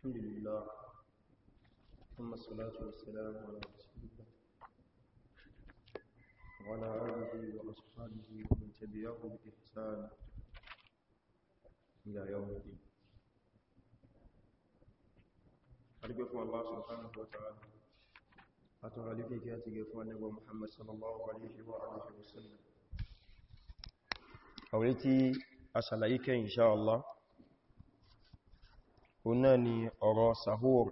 الحمد لله ثم الصلاة والسلام على رسول الله وعلى آله وأصحابه ومن تبعه بإحسان إلى يوم الدين أرجوكم الله سبحانه وتعالى أترى لك كاتب النبي محمد صلى الله عليه وآله وسلم أوليتي أسألك إن شاء الله ọ̀nà ni ọ̀rọ̀ sahur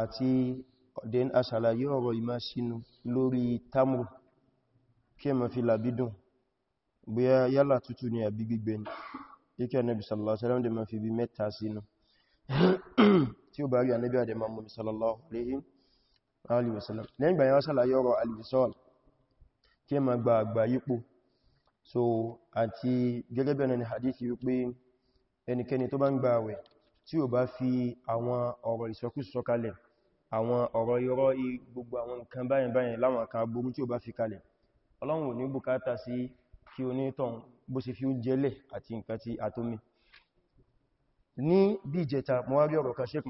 àti den aṣàlàyé ọ̀rọ̀ ìmáṣínú lórí tamu kí ma fi labidun bóyá yálà tútù ni àbí gbígbẹ ni ikẹ́ Ànábì sallallahu alaihi wasallam dẹ̀ ma fi bí mẹ́ta sínú tí ó bá rí Ànábì àdẹ̀ ma so àti gẹ́gẹ́ bẹ̀rẹ̀ ni hadith wípé ẹnikẹ́ni tó bá ń gba àwẹ̀ tí ò bá fi àwọn ọ̀rọ̀ ìsọkúsọ kalẹ̀ àwọn ọ̀rọ̀ irọ́ gbogbo àwọn nǹkan báyìí báyìí láwọn kan burú tí ò bá fi kalẹ̀ ọlọ́run ò ní bùkátà sí kí onítàn bó ṣe fi ń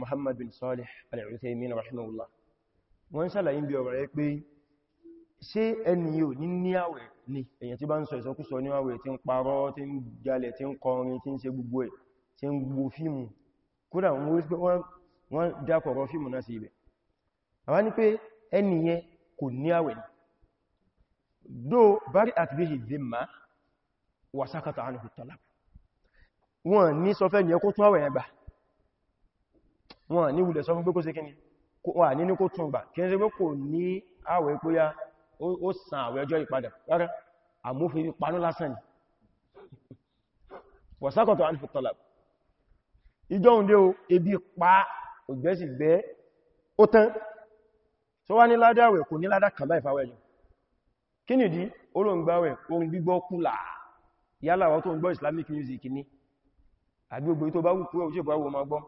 muhammad bin salih al-uthaymin rahimahullah wọ́n sàlàyé bí ọ̀rọ̀ rẹ̀ pé ṣé ẹni yóò ní ní àwẹ̀ ní èyàn tí bá ń sọ ìsọkúsọ ní àwẹ̀ tí ń parọ́ tí ń jalè tí ń kọrin tí ń ṣe gbogbo ẹ̀ tí ń gbogbo fíìmù kódà wọ́n dákọ̀rọ̀ fíìmù náà sí ibẹ̀ àwa ní pé ẹni yẹn kò ní bari àtìbíhì zimma wà sákàtà anhu talab wọ́n ní sọ fẹ́ ní ẹkó tún àwẹ̀ ẹgbà wọ́n ní wùlẹ̀ sọ fún pé kó ní àwẹ̀ pé ya ó san àwẹ̀ ọjọ́ ìpadà rárá àmúfin panú lásán ni wọ̀sákọ̀tọ̀ alifọ̀tọ̀lá ìjọ òun dé o ebi pa ògbẹ́sì gbẹ́ ó tán tó wá ní ládá àwẹ̀ kò ní ládá kàmbá ìfàwẹ́jọ kí nìdí olóǹgbàwẹ̀ orin gbígbọ́ kúlà yálà wọ́n tó ń gbọ́ islamic music ní àgbègbè tó bá wù kúrò tí ó bá wù ọmọ gbọ́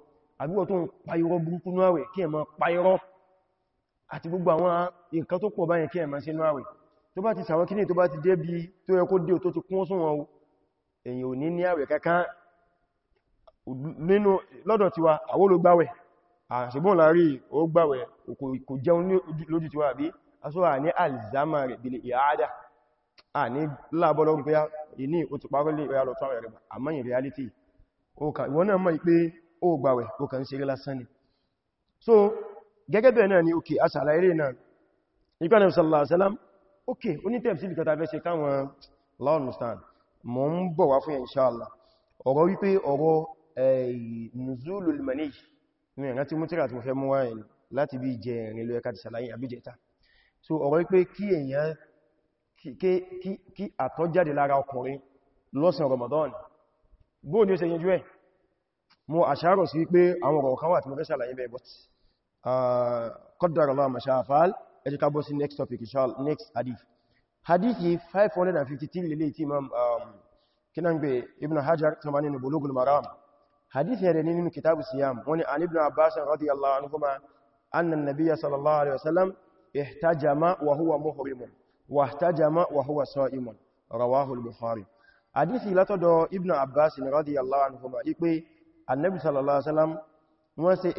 àgbègbè tó ń pa burúkú náà wẹ̀ kí ẹ má pa àti gbogbo àwọn nǹkan tó pọ̀ báyẹn kí ẹ máa ṣe inú àwẹ̀ tó bá ti sàwọn kíní tó bá ti dé bí tó yẹ kó dé tó ti kún sún wọn èyàn ò ní ní àwẹ̀ kankan nínú lọ́dọ̀ tiwa àwọ́ ló gbáwẹ̀ àṣùgbọ́n láàrí ó gbáwẹ̀ kò jẹun lójú ti parọ́ lè reality ìwọ náà mọ̀ pé ó gbáwẹ̀ ó kàn ń so gẹ́gẹ́ bẹ̀rẹ̀ náà ni òkè aṣàlá eré náà nípa náà sallallahu alaihi wasallam òkè onítẹ̀ẹ̀sí ìdíkà tàbí ṣe káwọn Allahu musta'an mọ̀ ń bọ̀ wá fún insha Allah ọ̀rọ̀ wípé ọ̀rọ̀ eh, nuzulul manij ní ẹ̀rán tí mú tíra tí mo fẹ́ mú wá ẹ̀ láti bí jẹ ìrìn ló ẹka ti ṣàlàyé àbíjẹta so ọ̀rọ̀ àṣàrọ̀ sí wípé àwọn ọ̀rọ̀ kan wà tí mo fẹ́ ṣàlàyé bẹ́ẹ̀ bọ́tí qaddara Allah ma sha'a fa'al ẹ jẹ́ ká bọ́ sí next topic inshallah next hadith hadithi 553 lele tí imam um, kinangbe ibn hajar tamba nínú bulugul maram hadithi yare ni nínú kitabu siyam wani an ibn abbas radiyallahu anhu ma anna nabiyya sallallahu alaihi wasallam ihtajama wa huwa muhrimun wa ihtajama wa huwa sa'imun rawahu al-bukhari hadithi látọ̀dọ̀ ibn abbas radiyallahu anhu ma ipe annabi sallallahu alaihi wasallam wọ́n ṣe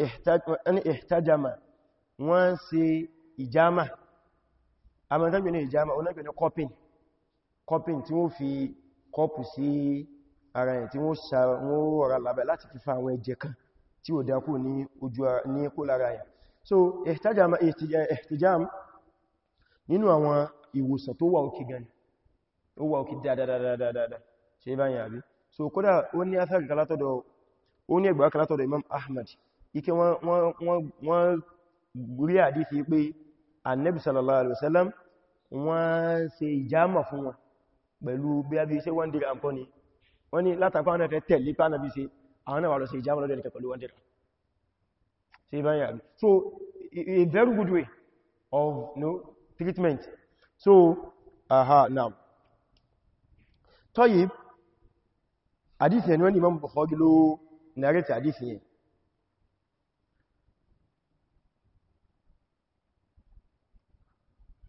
ìhtajama wọ́n ṣe ìjama amọ̀tẹ́gbẹ̀ ní ìjama onágbẹ̀ ní copin copin tí wọ́n fi kọpù sí ara ẹ̀ tí wọ́n rọra labẹ̀ láti fi fa àwọn ẹ̀jẹ̀ kan tí ó dákú ní ojú ní kó lára ẹ̀ so ìhtajama ìhtijam nínú àwọn ìwòsàn tó wà òkè gan ó wà òkè dáadáa ṣe báyìí àbí so kódà ó ní afẹ́ kàkàlátọ̀dọ̀ ó ní ẹgbẹ̀rẹ̀ kàkàlátọ̀dọ̀ Imam Ahmad ike wọ́n rí àdífi pé annabi sallallahu alaihi wasallam wọ́n ṣe ìjámà fún wọn pẹ̀lú bí a bí ṣe wọ́n dìrà nǹkan ni wọ́n ni látàkọ́ àwọn ẹ̀fẹ́ tẹ̀lé pàánà bí ṣe àwọn náà wà lọ ṣe ìjámà lọ́dẹ̀ nìkan pẹ̀lú wọ́n dìrà ṣe bá yà bí so a very good way of no treatment so aha now tọ́yí àdífì ẹni wọ́n ni imam bukhari ló narrate àdífì yẹn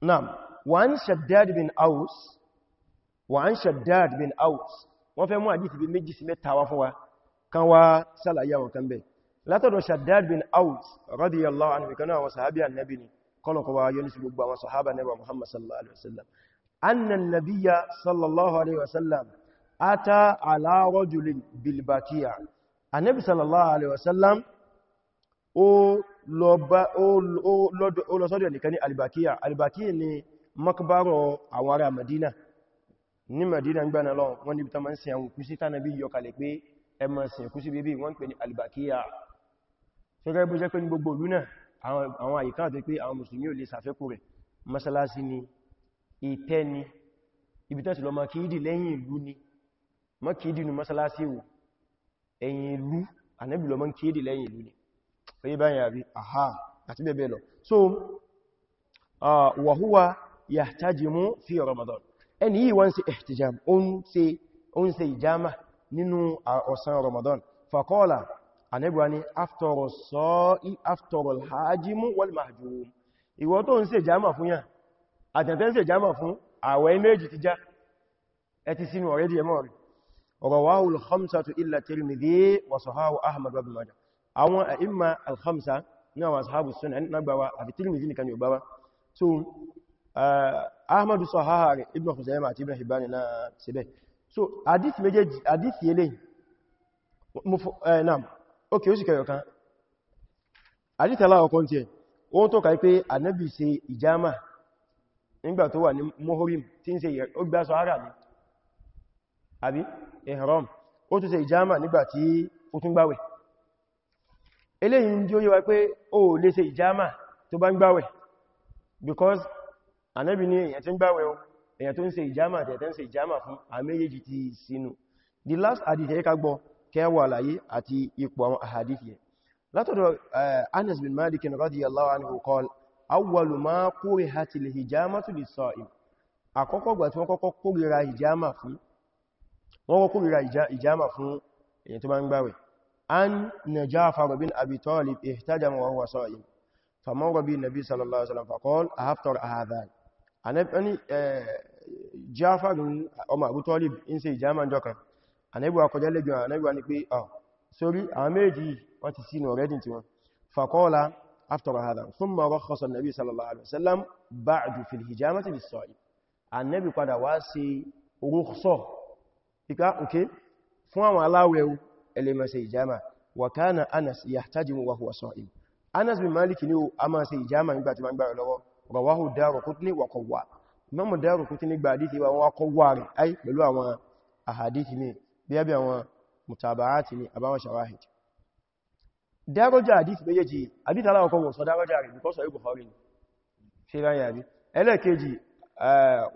نعم وعن شداد بن أوس وعن شداد بن أوس wọ́n fẹ́ mú àdífì bí méjì sí mẹ́ta wá fún wa kan wá sálàyé àwọn kan bẹ̀. látọ̀dọ̀ shaddad bin Aws radiyallahu anhu ìkanú àwọn sahabi annabi ni kọlọ̀kọwa yóò ní sí gbogbo àwọn sahaba nẹ́bà Muhammad sallallahu alaihi wasallam annan nabiyya sallallahu alaihi wasallam ata ala rajulin bil baqiya annabi sallallahu alaihi wasallam ó lọ sọ́dọ̀ nìkan ní alìbàkíyà alìbàkíyà ni makbaro àwọn ará madina ní madina gbána lọ wọ́n níbi ta ma ń sin àwọn kú sí tánàbí yọ kalẹ̀ pé ẹ ma sin kú sí bíbí wọ́n pè ní alìbàkíyà ṣẹ́gẹ́ bó jẹ́ pé ní gbogbo lúnà àwọn àyíká àti pé àwọn mùsùlùmí ò lè sàfẹ́kù rẹ̀ masalasi ni ìtẹ́ ni ibi oye báyìí àrí àhá àti bẹ́ẹ̀ so wàhúwa yahtajimu fi Ramadan ẹni yìí wọ́n ṣe ihtijam ó ń ṣe ìjámà nínú ọ̀sán Ramadan faqala anẹ́bùwa ni aftara sa'i aftara al-hajimu wal mahjum ìwọ tó ń ṣe ìjámà fún yàn àtẹ̀tẹ̀ ń ṣe ìjámà fún àwẹ̀ méjì ti já ẹ ti sínú already ẹmọ́ rẹ̀ àwọn àìmà alhamsa ní àwọn asahabu sunan nagbawa àti so ah, ahmadu sahaha rẹ̀ ibn Khuzaymah àti ibn Hibban na síbẹ̀ so hadith méjèèjì hadith yẹlẹ̀ eh, naam ok ó sì kẹyọ kan hadith aláwọ̀kan tí ẹ ó tó kàí pé Ànábì ṣe ìjámà nígbà tó wà ní mohorim tí ń ṣe ọgbásọ ara ó nígbà tí ó tún eléyìn jí ó yíwa pé o lè ṣe ìjámà tó bá ń gbáwẹ̀ because anábi ni èyàn tí ń gbáwẹ̀ o èyàn tó ń ṣe ìjámà tẹ̀tẹ̀ ń ṣe ìjámà fún àméyèjì ti sínú the last hadith ẹ̀ka gbọ́ kẹwàá àlàyé àti ipò àwọn hadith eh, Anas bin Malik radiyallahu anhu qala awwalu ma kurihatil hijamatu lis-sa'im àkọ́kọ́ gbà tí wọ́n kọ́kọ́ kórìíra ìjámà fún èyàn tó bá ń أن جعفر بن أبي طالب اهتدم وهو صائم فمر بي النبي صلى الله عليه وسلم فقال أهفتر هذان أني جعفر أم أبو طالب إنسي جامعا جوكا أنبي وقال لي جوان أنبي وانكبي أه سوري أميجي وانت سين وردين تيوان فقال أفتر هذا ثم رخص النبي صلى الله عليه وسلم بعد في الهجامة للصائم النبي قد واسي رخصه إكا أوكي فوان وعلاوه ẹlẹ́mà ṣe ìjámà wà kánà anas yahtajimu wa huwa sa'im anas bin malik ni a máa ṣe ìjámà nígbà tí ma ń gbára lọ́wọ́ rawahu daraqutni wa qawwa imamu daraqutni gba hadithi wa wa qawwa rẹ̀ ai pẹ̀lú àwọn ahadithi ni bí i àwọn mutabaati ni àbáwọn shawahid dárọjà hadithi méjèèjì hadithi aláwọ̀kọ́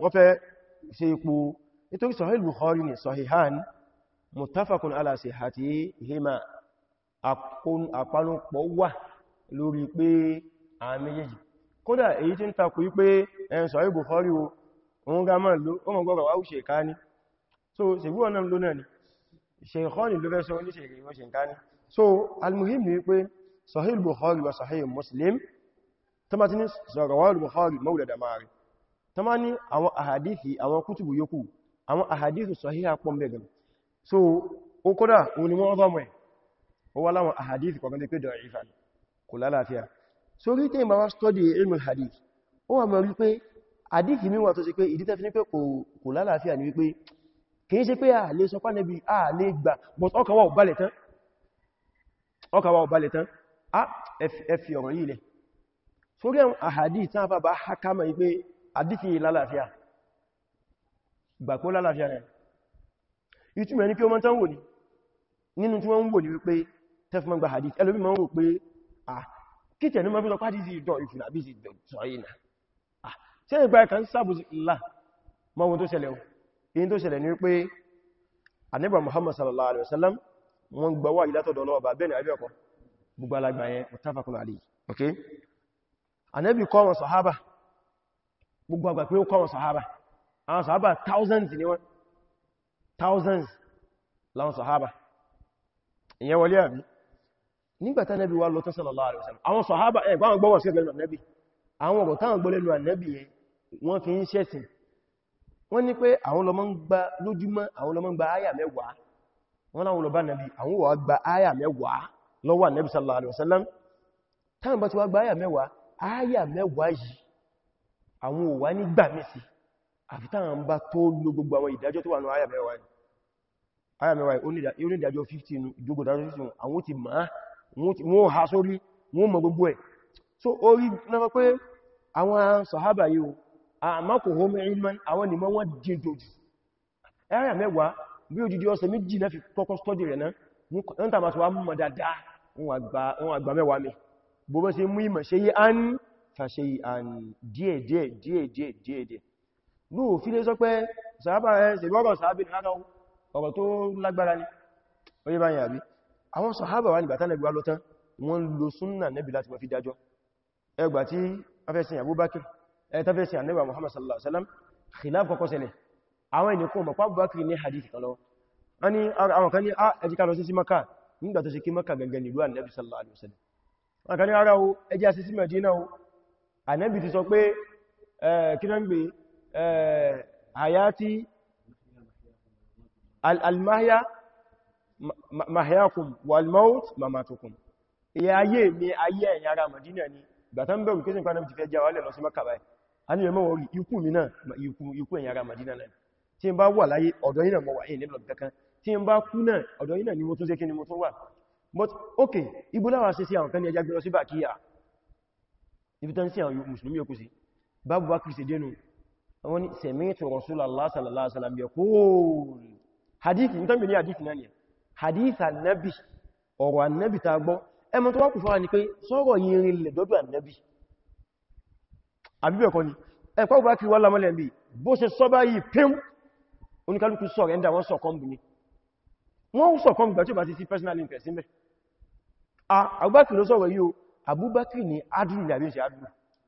wọ̀ nítorí Sahih Bukhari ni sahihan muttafaqun ala sihhatihima àpánúpọ̀ wà lórí pé àmì yẹ́jì kódà èyí tí ń takò yí pé ẹn sọ ìbò fọ́rí o oun ga máa ló o mọ̀ gọ́gọ̀ wáwú ṣèkáni so ṣègbú náà ni ṣèkọ́ni ló fẹ́ ní so almuhim ni pé Sahih Bukhari wa Sahih Muslim tamati ni sọ̀rọ̀wọ́ Bukhari mawla da mari tamani àwọn ahadithi àwọn kútùbù yòókù àwọn ahadithi sahiha pọ̀m̀bẹ̀gàn so ó kódà òun ni wọ́n rọ́mọ̀ ẹ̀ ó wá láwọn ahadith kọ̀kan tó pé dọ̀ ìfà kò lálàáfíà so rí tí ìmọ̀ wá stọ́dì ilmul hadith ó wà mọ̀ rí pé hadith mi wà tó sì pé ìdí tẹ́fí ní pé kò lálàáfíà ní wípé kì í ṣe pé àlè sọ pánẹ́bí àlè gbà but ọkàn wà ò balẹ̀ tán ọkàn wà ò balẹ̀ tán a ẹfì ọ̀rọ̀ lálàáfíà rẹ̀ youtube ẹni pé ọmọ tán wò ní nínú tí wọ́n ń wò ní wípé tefman gba hadith ẹlòmí ma ń wò pé ah kíkẹ̀ ní mọ́bí lọpá dìí ìdọ̀ ìfìlà bí i sọ́yìnà ah ṣe ìgbà ẹ̀kan sábùsì ìlà mọ́wọ́n tó ṣẹlẹ̀ ohun tó ṣẹlẹ̀ ní wípé anẹ́bà muhammad sallallahu alaihi wasallam wọ́n gbà wá ìlátọ̀dọ̀ lọ́wọ́ bá bẹ́ẹ̀ ni abẹ́ọ̀kọ́ gbogbo alágbà yẹn mutafakun alayhi okay anẹ́bì kọ́ wọn sahaba gbogbo àgbà pé ó kọ́ wọn sahaba àwọn sahaba thousands ni wọ́n thousands láwọn sọ̀hábà ìyẹn wọlé àbí nígbàtá nẹ́bí wá lọ́tọ́ sallallahu alaihi wasallam àwọn sọ̀hábà ẹ̀ gbáwọn gbọ́wọ̀ sí ẹgbẹ̀lú ànẹ́bí àwọn ọ̀rọ̀ táwọn gbọ́lẹ̀lú ànẹ́bí yẹn wọ́n fi ń ṣẹ̀sìn wọ́n ní pé àwọn lọ́mọ ń gba lójúmọ́ àwọn lọ́mọ ń gba áyà mẹ́wàá wọ́n láwọn lọ́bá nẹ́bí àwọn wà gba áyà mẹ́wàá lọ́wọ́ ànẹ́bí sallallahu alaihi wasallam táwọn bá ti wá gba áyà mẹ́wàá áyà mẹ́wàá yìí àwọn ò ní gbà mí àfitáhàn bá tó ló gbogbo àwọn ìdájọ́ tó wà ní àyà mẹ́wàá ní àyà mẹ́wàá onídàájọ́ 15 ìjógòdájọ́ 15 àwọn ti máa wọ́n ha sórí wọ́n mọ̀ gbogbo ẹ̀ so orí náà pé àwọn sàhábà yìí àmákò homer ilman àwọn ni wọ́n dìdòdì àyà mẹ́wàá bí òjìdí ọ̀sẹ̀ méjì náà fi kọ́kọ́ stọ́dì rẹ̀ náà wọ́n tàbí lóò fi lé sọ pé ṣèbọ́rọ̀ sàábìn ọ̀rọ̀ tó lágbára ní orí báyìí àbí àwọn sàhábà wà nígbàtà nẹ́gbà lọ́tán wọ́n lo súnnà nẹ́bì láti wọ́n fi dájọ́ ẹgbà tí afẹ́sìn Abubakar ẹ̀tafẹ́sìn ànẹ́bà Muhammad sallallahu alaihi wasallam khilaf kọ́kọ́ ṣẹlẹ̀ àwọn ènìyàn kò mọ̀ pé Abubakar ní ani àwọn kan ní a ah, ẹjí ká lọ sí Maka nígbà tó ṣe kí Maka alaihi wasallam àwọn a sí sí Medina o ànẹ́bì ti sọ kí náà ń gbé Eh, hayati al-mahya mahyakum wal-maut mamatukum ìyà ayé mi ayé ẹ̀yin ará Madina ni gbàtán bẹ̀rù kí sí nǹkan náà ti fẹ́ jẹ́ wálẹ̀ lọ sí Mákà báyìí a ní ẹmọ́ orí ikú mi náà ikú ẹ̀yin ará Madina náà tí n bá wà láyé ọ̀dọ̀ yín náà mọ́ wà yìí nílò kankan tí n bá kú náà ọ̀dọ̀ yín ni mo tún sé ni mo tún wà but okay ibo sí sí àwọn kan ní ẹjá gbé lọ sí bàkíyà ibi tán sí àwọn mùsùlùmí yókù bábúbá kìí wọ́n ní sẹ̀mẹ́tò Rasulullah sallallahu alaihi wasallam yaqul hadithi ní tàbí ní hadithi náà ni hadith annabi ọ̀rọ̀ annabi ta gbọ́ ẹmọ tó wá kù fọ́ra ní pé sọ́rọ̀ yìí rí lè dọ́dọ̀ annabi àbíbẹ̀kọ́ ni ẹ̀kọ́ bá kí wọ́n lámọ́lẹ̀ bí bó ṣe sọ́bá ah, yìí pín oníkálùkù sọ̀rọ̀ ẹ̀ndà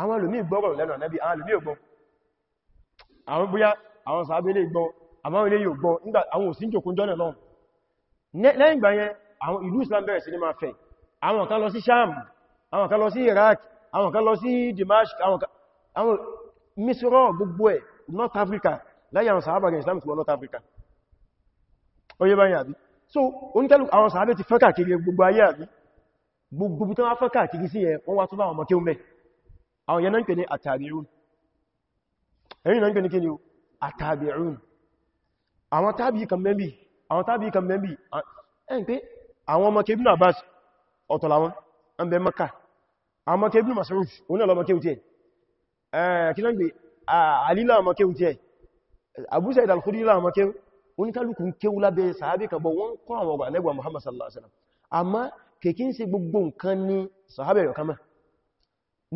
àwọn ẹlòmí gbọ́rọ̀ lẹ́nu ànábì àwọn ẹlòmí ògbọ́n àwọn bóyá àwọn sàábélé gbọ́ àwọn ilé yóò gbọ́ nígbà àwọn òsì ń jòkó jọ́nà lọ́n lẹ́yìn ìgbà yẹn àwọn ìlú Islam bẹ̀rẹ̀ sí ní máa fẹ̀ àwọn kan lọ sí Sham àwọn kan lọ sí Iraq àwọn kan lọ sí Dimash àwọn misro gbogbo ẹ̀ North Africa láyé àwọn sàábà rẹ̀ Islam ti wọ North Africa ó yé báyìí àbí so oníkẹ́lù àwọn sàábé ti fẹ́ káàkiri gbogbo ayé àbí gbogbo bí tán wá fẹ́ káàkiri sí ẹ wọ́n wá tún láwọn ọmọ kéhùn mẹ́ àwọn yẹn náà ń pè ní àtàbíún ẹ̀yìn náà ń pè ní kíni o àtàbíún àwọn tábí kan mẹ́bí àwọn tábí kan mẹ́bí ẹ̀yìn pé àwọn ọmọ kebí náà báṣì ọ̀tọ̀ làwọn ń bẹ maka àwọn ọmọ kebí Mas'ud oní ọlọ́mọ kéwù tiẹ̀ kí náà ń pè àlílà ọmọ kéwù tiẹ̀ Abu Sa'id al-Khudri là ọmọ kéwù oníkálùkù ń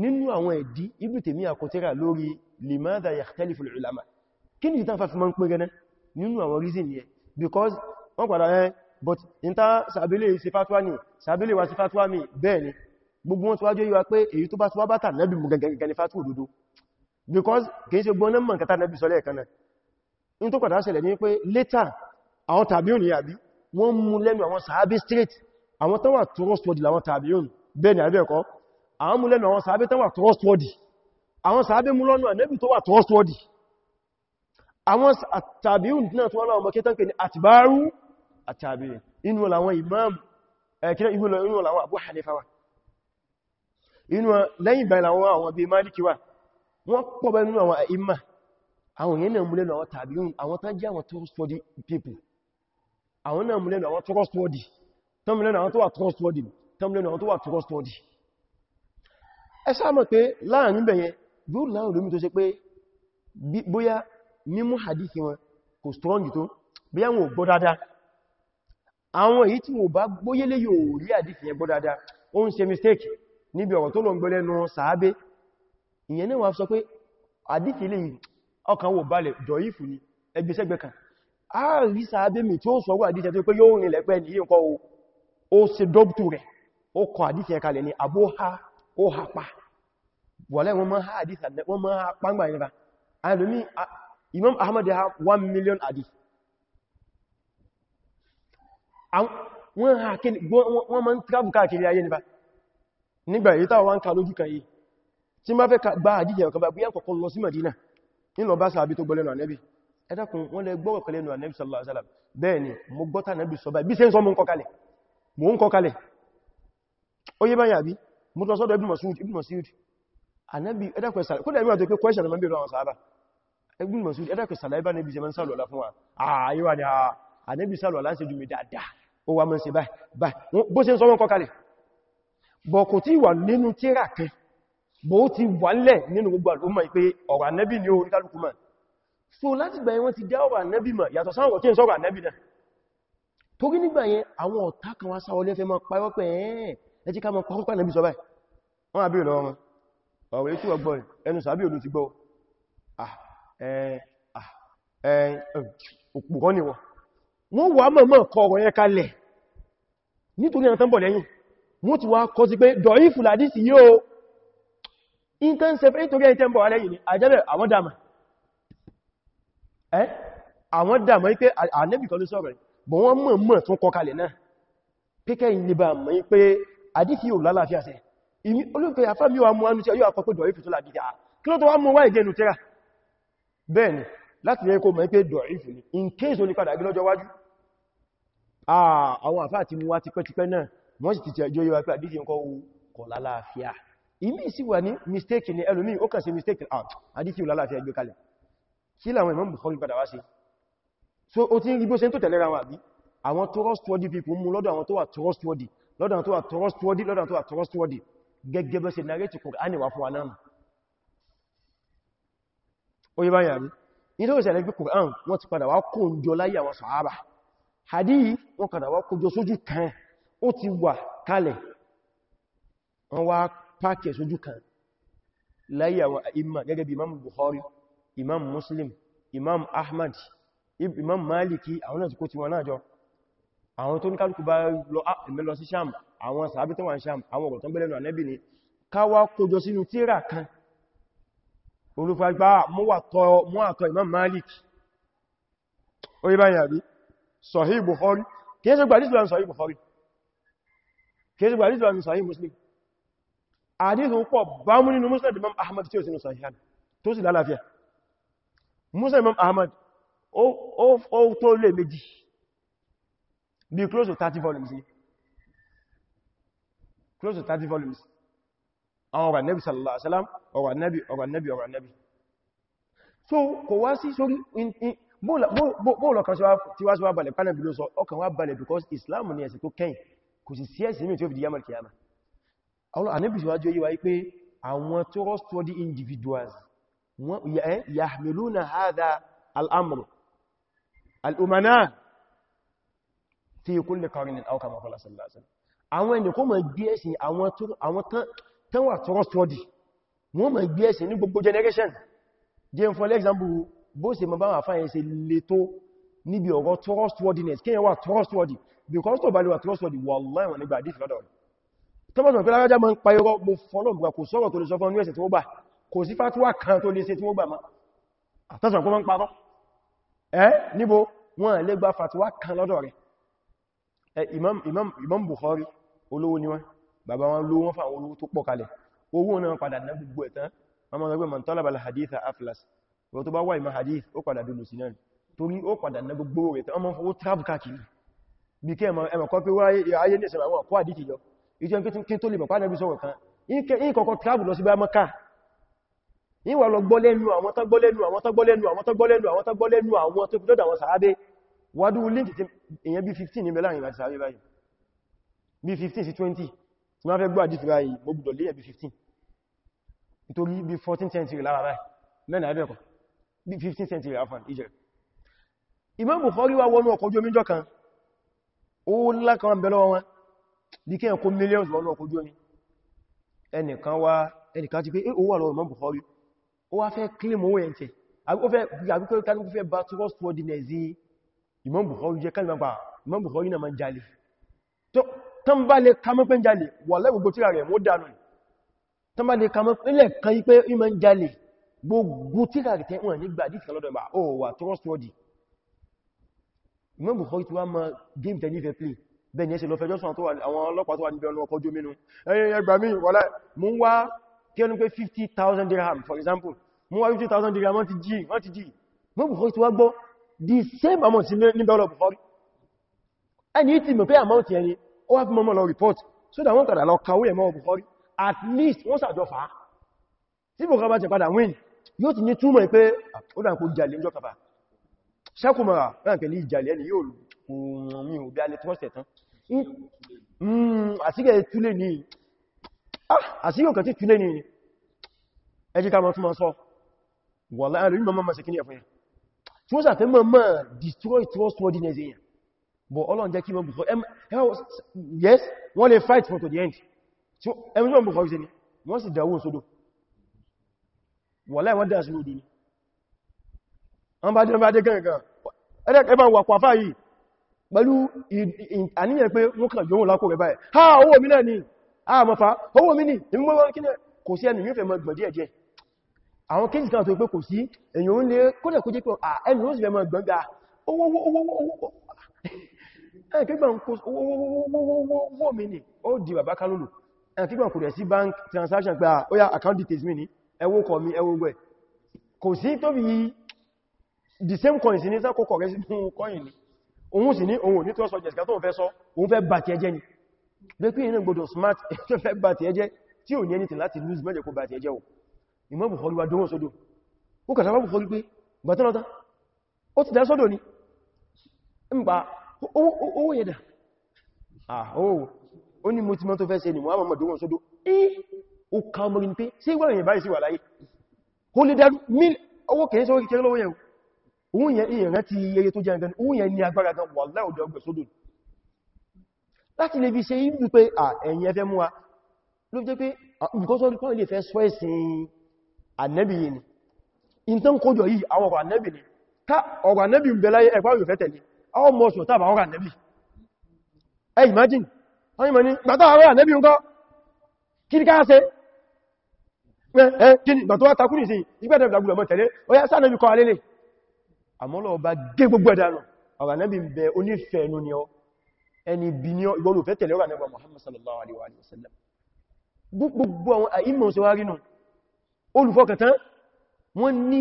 nínú àwọn ẹ̀dí Ibn Taymiyyah kọ tírà lórí limadha yakhtalifu al-ulama kí ni ìtàn fàfimọ́ ń pín gẹ́nẹ́ nínú àwọn reason yẹ because wọ́n padà rẹ̀ eh, but in ta sàbílẹ̀ sí fatuwa ni sàbílẹ̀ wa sí fatuwa mi bẹ́ẹ̀ ni gbogbo wọn tíwájú yíwa pé èyí tó bá tíwá bá tànẹ́bì mú gẹ̀gẹ̀gẹ̀ ní fatuwa òdodo because kìí ṣe gbọ́n náà kàtà nẹ́bì sọlẹ̀ ẹ̀kan náà in tó padà ṣẹlẹ̀ ní pé later àwọn tàbíùn ni àbí wọ́n mú lẹ́nu àwọn sàábí straight àwọn tó wà trustworthy làwọn tàbíùn bẹ́ẹ̀ ni àbẹ́ẹ̀kọ́ àwọn mú lẹ́nu àwọn sàábé tán wà trustworthy àwọn sàábé mú lọ́nà ànẹ́bì tó wà trustworthy àwọn àtàbíhùn náà tó wọ́n láwọn mọ́kẹ́ tán pè ní àtìbárú àtàbí inú àwọn imam ẹ̀kẹ́ inú àwọn Abu Hanifa wà inú lẹ́yìn bẹ̀rẹ̀ àwọn àwọn bí Maliki wà wọ́n pọ̀ bẹ́ nínú àwọn imma àwọn yẹn náà mú lẹ́nu àwọn tàbíhùn àwọn tán jẹ́ àwọn trustworthy people àwọn náà mú lẹ́nu àwọn trustworthy tán mú lẹ́nu àwọn tó wà trustworthy ẹ sáàmọ̀ pé láàrin níbẹ̀yẹn yóò láàrin lómi tó ṣe pé bóyá mímú hadithi wọn kò strong tó bóyá wọn ò gbọ́ dáadáa àwọn èyí tí wọ́n bá gbóyélé yóò rí hadithi yẹn gbọ́ dáadáa ó ń ṣe mistake níbi ọ̀rọ̀ tó lọ ń gbọ́lẹ́nu sàábé ìyẹn náà wà sọ pé hadithi lè ọkàn wò balẹ̀ dọ̀ífù ni a rí sàábé mi ó sọ wà hadithi tó pé yóò rìn lẹ́pẹ́ ní yíò kọ́ ó ṣe dọ́bùtù rẹ̀ ó àbóhá ó hapa wọ́lẹ̀ wọ́n mọ́ hadith wọ́n mọ́ pàǹgbà ìrìnbà alìmí Imam Ahmad ha 1 million hadith wọ́n ha kí wọ́n mọ́ travel káàkiri ayé nípa nígbà èyí tàwọn wọ́n ká lójú kan yìí tí ma fẹ́ gba hadith ẹ̀kọ́ bá bóyá kọ̀kọ́ lọ sí Madina nínú bá sàábí tó gbọ́lẹ̀nù ànẹ́bí ẹ̀dàkùn wọ́n lẹ gbọ́rọ̀ pẹ̀lẹ́nu ànẹ́bí sallallahu alaihi wasallam bẹ́ẹ̀ ni mo gbọ́ta ànẹ́bí sọ báyìí bí sẹ́ ń sọ mú ń kọkalẹ̀ mú ń kọkalẹ̀ ó yé báyìí àbí mo tọ́ sọ́dọ̀ Ibn Mas'ud Ibn Mas'ud Ànábì ẹ̀dàkùn kódà ìwọ̀n tó pé kwẹ́ṣẹ̀ lọ́mọ́ bèèrè àwọn sàábà Ibn Mas'ud ẹ̀dàkùn sàláìbá níbi jẹ mẹ́sàlù ọ̀lá fún wa ààyíwà ni Ànábì sàlù ọ̀lá sí jùmí dáadáa ó wà mọ́ sí bó ṣe ń sọ wọn kọkalẹ̀ bọ̀ kò tí wà nínú tíra kan bó ti wà lẹ̀ nínú ni ó ní kálukú mọ̀ so láti gbà yẹn wọ́n ti dá ọ̀rọ̀ Ànábì mọ̀ yàtọ̀ sáwọn tí ń sọ̀rọ̀ Ànábì náà torí nígbà yẹn àwọn ọ̀tá kan wá sáwọlé ẹjí ká mọ̀ pàrúpà nàbí sọ báyìí wọ́n àbí ìlọ wọn ọ̀rọ̀ ètò ọgbọ̀n ẹnu sàbí òdún ti gbọ́ òpùrọ́ ni wọ́n wọ́n wà mọ̀mọ̀ kọ ọ̀rọ̀ yẹn kalẹ̀ nítorí ẹ̀tàn bọ̀ lẹ́yìn wọ́n ti wá kọ sí pé dọ̀rí fùlàdí sí yóò intensive nítorí ẹ̀tàn bọ̀ lẹ́yìn ni àjẹ́bẹ̀ àwọn dàmà àwọn dàmà wípé ànẹ́bìkan ló sọ̀rọ̀ bọ̀ wọ́n mọ̀mọ̀ tún kọ náà pẹ́kẹ́ ìlébà mọ̀ pé àdífì yóò lálàáfíà sẹ́ ìní olóòfẹ́ àfáàmì wa mú anú tí yóò àpapọ̀ dọ̀ífì tó làdífì à kí ló tó wá mú wá ìgẹ́nu tẹ́ra bẹ́ẹ̀ni láti rẹ́ kó mọ̀ pé dọ̀ífì ni in case o ní padà gílọ́jọ́ wájú àwọn àfáà ti mú wá tipẹ́tipẹ́ náà wọ́n sì ti jẹ́ yóò pé àdífì ń kọ́ lálàáfíà ìmí sì wà ní mistake ni ẹlòmí ó kàn sí mistake out àdífì ò lálàáfíà gbé kalẹ̀ kí làwọn Imam Bukhari padà wá sí so ó ti ń rí bó ṣe ń tó tẹ̀lẹ́ra wọn àbí àwọn trustworthy people mú lọ́dọ̀ àwọn tó wà trustworthy lọ́dọ̀ tó wà trustworthy lọ́dọ̀ tó wà trustworthy gẹ́gẹ́ bẹ́ ṣe narrate Kùránì wà fún wa náà ó yí báyà rí ní tó ìṣẹ̀lẹ̀ pé Kùránì wọ́n ti padà wá kóòjọ láyé àwọn sàhábà hadith wọ́n padà wá kóòjọ sójú kan ó ti wà kalẹ̀ wọ́n wá pàkẹ̀ sójú kan láyé àwọn imma gẹ́gẹ́ bí Imam Bukhari Imam Muslim Imam Ahmad Imam Maliki àwọn náà ti kó ti wọn náà jọ àwọn tó ní kálùkù bá lọ ìmẹ́lọ ah, sí sham àwọn sàábí tó wà ní sham àwọn ọ̀gọ̀tán bẹ́lẹ̀nù ànẹ́bì ni káwà kójọ sínú tírà kan olùfagbá ah, mú àtọ Imam Malik orí báyìí àbí Sahih Bukhari kìí ṣe gbàdísù lọ́nà Sahih Bukhari kìí ṣe Muslim àdíhùn pọ̀ bá mú Imam Ahmad tí ó sínú Sahihan tó Imam Ahmad ó tó lè méjì Be close to 30 volumes ni eh? close to 30 volumes àwọn ọ̀rọ̀ nẹ́bí sallallahu alaihi wasallam ọ̀rọ̀ nẹ́bí ọ̀rọ̀ nẹ́bí ọ̀rọ̀ nẹ́bí so kò wá sí sórí bóòlọ̀ kan tí wá sí wá balẹ̀ panel below sọ ọkàn wá balẹ̀ because Islam ni ẹ̀sìn tó kẹ́yìn kò sì sí ẹ̀sìn mi tí ó fi di yamal kiyama àwọn anẹ́bí síwájú yíwa wípé àwọn tó rọ́ study individuals eh, yahmiluna hadha al'amru al'umana fi kulli qarnin aw kama qala sallallahu alaihi wasallam àwọn ènìyàn kò máa gbé ẹ̀sìn àwọn tó àwọn tán wà trustworthy wọ́n máa gbé ẹ̀sìn ní gbogbo generation jẹ́ for example bó ṣe máa bá wa fáyẹ̀ ṣe lè tó níbi ọ̀rọ̀ trustworthiness kí wà trustworthy because tó bá lè wà trustworthy wallahi wọn nígbà àdífì lọ́dọ̀ tọ́bọ̀tọ̀ pé lárájá máa ń pa irọ́ mo fọ́lọ̀gbà kò sọ́rọ̀ tó lè sọ fún ní ẹ̀sẹ̀ tí ó gbà kò sí fàtíwà kan tó lè ṣe tí ó gbà má àtọ́sọ̀ kó máa ń parọ́ ẹ́ níbo wọn lè gba fàtíwà kan lọ́dọ̀ rẹ̀ imam imam imam bukhari olówó ni wọ́n bàbá wọn lówó wọ́n fa àwọn olówó tó pọ̀ kalẹ̀ owó náà padà ná gbogbo ẹ̀tán ọmọ ọgbẹ́ man talaba al haditha aflas o tó bá wà ìmọ̀ hadith ó padà dúró sí náà torí ó padà ná gbogbo rẹ̀ tán ọmọ owó trap káàkiri bí kí ẹmọ̀ kọ́ pé ayé ní ìsẹ̀mọ̀ àwọn ọkọ̀ àdìkì lọ ìjọ kí tó lè mọ̀ pàdé bí sọ̀rọ̀ kan ní kọ̀kọ́ trap lọ sí bá mọ́ká ní wà lọ gbọ́lẹ́nu àwọn tán gbọ́lẹ́nu àwọn tán gbọ́lẹ́nu àwọn tán gbọ́lẹ́nu àwọn tán àwọn tó àwọn sàábé wádú link ti èyàn bí 15 ní bẹ̀lá ìrìn àti sàárè báyìí bí 15 sí 20 tí máa fẹ́ gbọ́ àdífì ráyìí gbogbo lèyàn bí 15 nítorí bí 14 century lára báyìí mẹ́nà ẹ̀bẹ̀kọ̀ bí 15 century afan ìjẹ̀ Imam Bukhari wá wọnú ọkọ̀ ojú omi jọkan ó lákan bẹ̀lọ́ wọn bí kí millions wọnú ọkọ̀ ojú omi ẹnìkan wá ẹnìkan ti pé eh, ó wà lọ Imam Bukhari ó wá fẹ́ claim owó ẹ̀ntẹ̀ àgbẹ́kọ́ fẹ́ bá tourist ordinary Imam Bukhari jẹ́ kálìmọ̀ pa Imam Bukhari náà ma ń jalè tán bá lè kamọ́ pé ń jalè wallahi gbogbo tíra rẹ̀ wó dánù tán bá lè kamọ́ ilẹ̀ kan yí pé ìmọ̀ ń jalè gbogbo tíra rẹ̀ tẹ́ wọ́n nígbà dìtì lọ́dọ̀ bá ó wà trustworthy Imam Bukhari ti wá ma game tẹ́ nífẹ́ play bẹ́ẹ̀ ni ẹsẹ̀ lọ fẹjọ́ sọ àwọn ọlọ́pàá tó wà níbi ọ̀nà ọkọ̀ ojú mínú ẹ̀yìn ẹgbà mí wọ́lá mú wá kí ẹnu pé 50,000 dirham for example mú wá 50,000 dirham wọ́n ti jí wọ́n ti jí Imam Bukhari ti wá gbọ́ the same amount ní bẹ́ọ̀lọ̀ Bukhari ẹni tí mọ̀ pé amount ẹni ó wá fi mọ́mọ́ lọ report so that wọ́n kàdà lọ kàwé ẹmọ́ Bukhari at least wọ́n sàjọ fà á tí Bukhari bá ti padà win yóò ti ní túmọ̀ pé ó dà kó jalè ìjọ kàfà sẹ́kùnmọ̀ra náà pẹ̀lú ìjàlẹ̀ ẹni yóò mi ò bí alẹ́ tí wọ́n sẹ̀ tán hmm, àsíkẹ̀ túlé ní ah, àsíkẹ̀ òkàtí túlé ní ẹjíká mọ́ tún mọ́ sọ wọ̀lá ẹ̀rọ ìmọ̀ mọ́ mọ́ sí kí ní ẹ̀fún yẹn tí wọ́n sàfẹ́ mọ́ mọ́ destroy trustworthiness èyàn but Ọlọ́run jẹ́ kí mọ́ bùkọ́ yes wọ́n lè fight for to the end ẹmí tí wọ́n bùkọ́ ìsẹni wọ́n sì dáwó sódò wọ́lá ìwọ́n dáa sí lódò ní ọmọdé ọmọdé gẹ́gẹ́gẹ́ ẹ̀dẹ́gbẹ̀bà wà pàfà yìí pẹ̀lú àníyàn pé wọ́n kàn yóò lákò rẹ̀ ha owó ha mọ́fà owó mi ni ìmúgbọ́n kí ní kò sí ẹnu yóò àwọn kéèsì kan tó pé kò sí èyàn ń lè kódẹ̀ kó jẹ́ pé ẹni ó sì lẹ́mọ̀ gbọ́ngà owó mi ni ó di bàbá kálòlò ẹ̀kígbọ̀n kò rẹ̀ sí bank transaction pé ó yá account details mi ni ẹwó kọ mi ẹwó gbẹ̀ kò sí tó bí the same coin sí ní sákò kọ̀ rẹ̀ sí mú coin ni òun sì ní òun ní tó sọ jẹ̀sìká tó fẹ́ sọ òun fẹ́ smart tó fẹ́ bàtì ẹjẹ́ tí ò ní anything láti lose mẹ́jẹ̀ kó Imam Bukhari wá dánwò sódò ó kà sábà Bukhari pé gbàtánátá ó ti dá sódò ní ǹbà owó yẹ̀dà ó ní mo ti mọ́ tó fẹ́ ṣe ni wọ́n mọ́ dánwò sódò ó ká mọ́rin pé sí ìwọ̀n èyàn báyìí sí wà láyé ó lè dá owó kẹ́yìn sọ́wọ́ kékeré lọ́wọ́ yẹn òun yẹn ìyẹ̀rẹ́ ti yẹye tó jẹ́ ẹ̀gán òun yẹn ni agbára gan wà láòdẹ̀ ọgbẹ̀ sódò láti lè fi ṣe ìlú pé ẹ̀yìn ẹfẹ́ mú wa ló fi jẹ́ pé nǹkan sọ́rí pọ́n lè fẹ́ sọ ẹ̀sìn annabi ni in tan kojo yi àwọn ọ̀rọ̀ annabi ni ká ọ̀rọ̀ annabi ń belaye e pa yo fẹ́ tẹ̀lé àwọn mo so ta ba ọ̀rọ̀ annabi e imagine àwọn mo ni gba ta ọ̀rọ̀ annabi ńkọ́ kíni ká ṣe eh eh kíni gba to ta kuni si igba da gbagbo mo tẹ̀lé ó yá sa annabi ko alele àmọ́ ló bá gé gbogbo edanu ọ̀rọ̀ annabi ń bẹ oni fe nu ni o Eni bí ni igbo ló fẹ́ tẹ̀lé ọ̀rọ̀ annabi Muhammad sallallahu alaihi wa sallam gbogbo àwọn àìmọ̀ ṣe wá rí nù olùfọkàntán wọ́n ní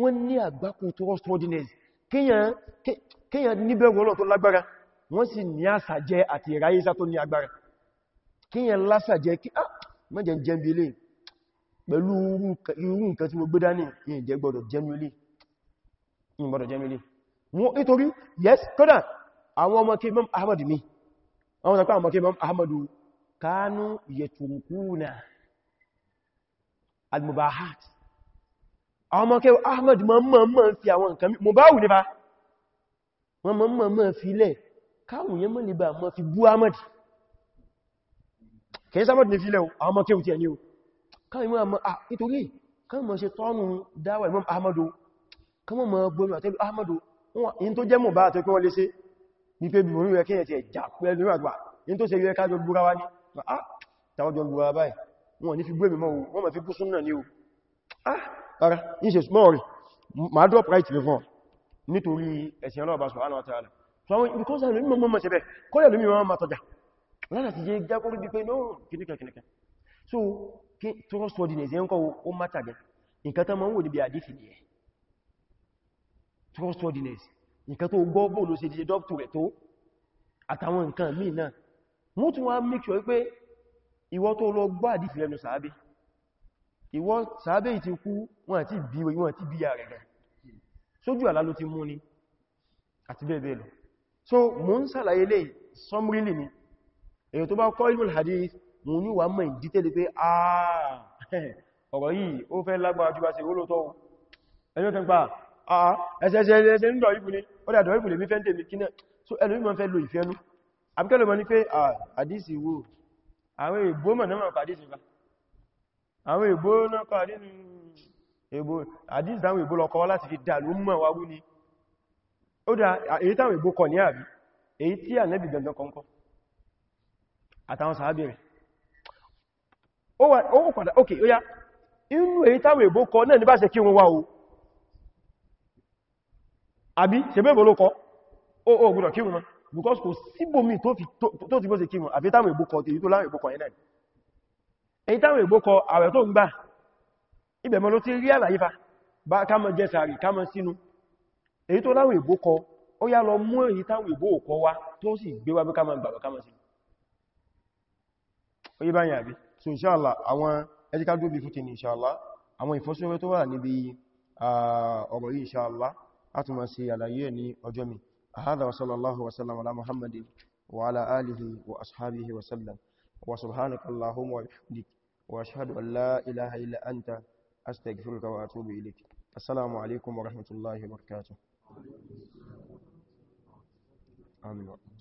wọ́n ní àgbákùn tó rọ́strọ́dínẹ̀sì kíyàn níbẹ̀rù Ọlọ́run tó lágbára wọ́n sì ní àsàjẹ́ àti ìráyésá tó ní agbára kíyàn lásàjẹ́ kí á mẹ́jẹ jẹ́mbilé pẹ̀lú irú nǹkan tí mo gbé dání yìí jẹ́ gbọ́dọ̀ yes kódà àwọn ọmọ kí Imam Ahmadu mi al-mubahat àwọn ọmọ kẹwàá ahmed mọ́mọ́ fi àwọn nǹkan mọ́ bá wù nípa wọ́n mọ́mọ́ fi lẹ̀ káwùn yẹn mọ́ lè bá mọ́ fi bú ahmed kẹ́yẹ́ sáàmọ́dì ní fílẹ̀ àwọn ọmọ kẹwàá ti ẹni o káwùn mọ́ àmọ́ ìtorí ah, káwùn mọ́ ṣe tọ́nù dáwà imam ahmed káwùn mọ́ gbọ́nù àtẹ́lú ahmed in tó jẹ́ mọ̀ bá àtẹ́kọ́ wọ́n lé sí ní pé bìbọn rẹ̀ kẹ́yẹ̀ ti ẹ̀jà pẹ̀lú àgbà in tó wọn ní fi gbé mi mọ́ wọn ma fi kú súnnà ní o ah rárá ní ṣe small rí ma drop right rẹ̀ fún nítorí ẹ̀sìn ọlọ́ọ̀bá subhanahu wa ta'ala so àwọn because àwọn olómi mọ́ mọ́sẹ̀bẹ̀ kọ́lẹ̀ olómi wọn ma tọ́jà lára ti jẹ́ jákórí bí pé no kìníkẹ̀kìníkẹ̀ so trustworthiness yẹn kọ́ ó mátà gẹ́ nǹkan tó mọ́ ń wò níbi àdífì ni ẹ̀ trustworthiness nǹkan tó gbọ́ bóòlù ṣe di dọ́pù rẹ̀ tó àtàwọn nǹkan míì náà wọ́n tún wá make ìwọ tó lọ gbọ́ àdífì lẹ́nu sàábé ìwọ sàábé ìti kú wọn àti bí wọn àti bí ààrẹ gan sójú àlá ló ti mú ni àti bẹ́ẹ̀bẹ́ẹ̀ lọ so mo ń sàlàyé lè sọmrílì ni èyàn tó bá kọ́ ilmul hadith mo ní wà mọ̀ ìdítẹ́lẹ̀ pé ọ̀rọ̀ yìí ó fẹ́ lágbára jù bá ṣe olóòtọ́ ẹni ó tẹ́ ń pa ẹsẹsẹsẹ ń dọ̀ ìbù ni ó dà dọ̀ ìbù lè mí fẹ́ ń tèmi kí náà so ẹlòmí mọ́ fẹ́ lo ìfẹ́nu àbíkẹ́lòmọ́ ní pé àdísì wo àwọn ìgbó mọ̀ náà kọ àdísì bá àwọn ìgbó náà kọ àdísì ìgbó àdísì táwọn ìgbó lọ kọ láti fi dàlú mọ̀ wáwú ni ó dá èyí táwọn ìgbó kọ ní àbí èyí tí ànẹ́bì gangan kọ́nkọ́ àtàwọn sàábẹ̀rẹ̀ ó wà padà ókè ó yá inú èyí táwọn ìgbó kọ náà ní bá ṣe kí wọn wá o àbí ṣe bẹ́ẹ̀ bọ́ ló kọ ó gbọ́dọ̀ kí wọn because kò síbòmí tó ti bó ṣe kírun àfi táwọn ìbókọ tí tó láwọn ìbókọ ẹ̀nà èyí táwọn ìbókọ àwẹ̀ tó ń gbà ibẹ̀mọ́ ló ti rí àlàyé fa bá kámọ jẹ sàárì kámọ sínú èyí tó láwọn ìbókọ ó yá lọ mú èyí táwọn ìbókọ wá tó sì gbé wá bí kámọ gbàgbà kámọ sínú ó yí báyìí àbí so inshallah àwọn ẹjíká dúró bí fútin inshallah àwọn ìfọ́súnrẹ́ tó wà níbi ah, ọ̀rọ̀ inshallah a tún máa ṣe àlàyé ẹ̀ ní ọjọ́ هذا وصلى الله وسلم على محمد وعلى آله وأصحابه وسلم وسبحانك اللهم وبحمدك وأشهد أن لا إله إلا أنت أستغفرك وأتوب إليك السلام عليكم ورحمة الله وبركاته آمين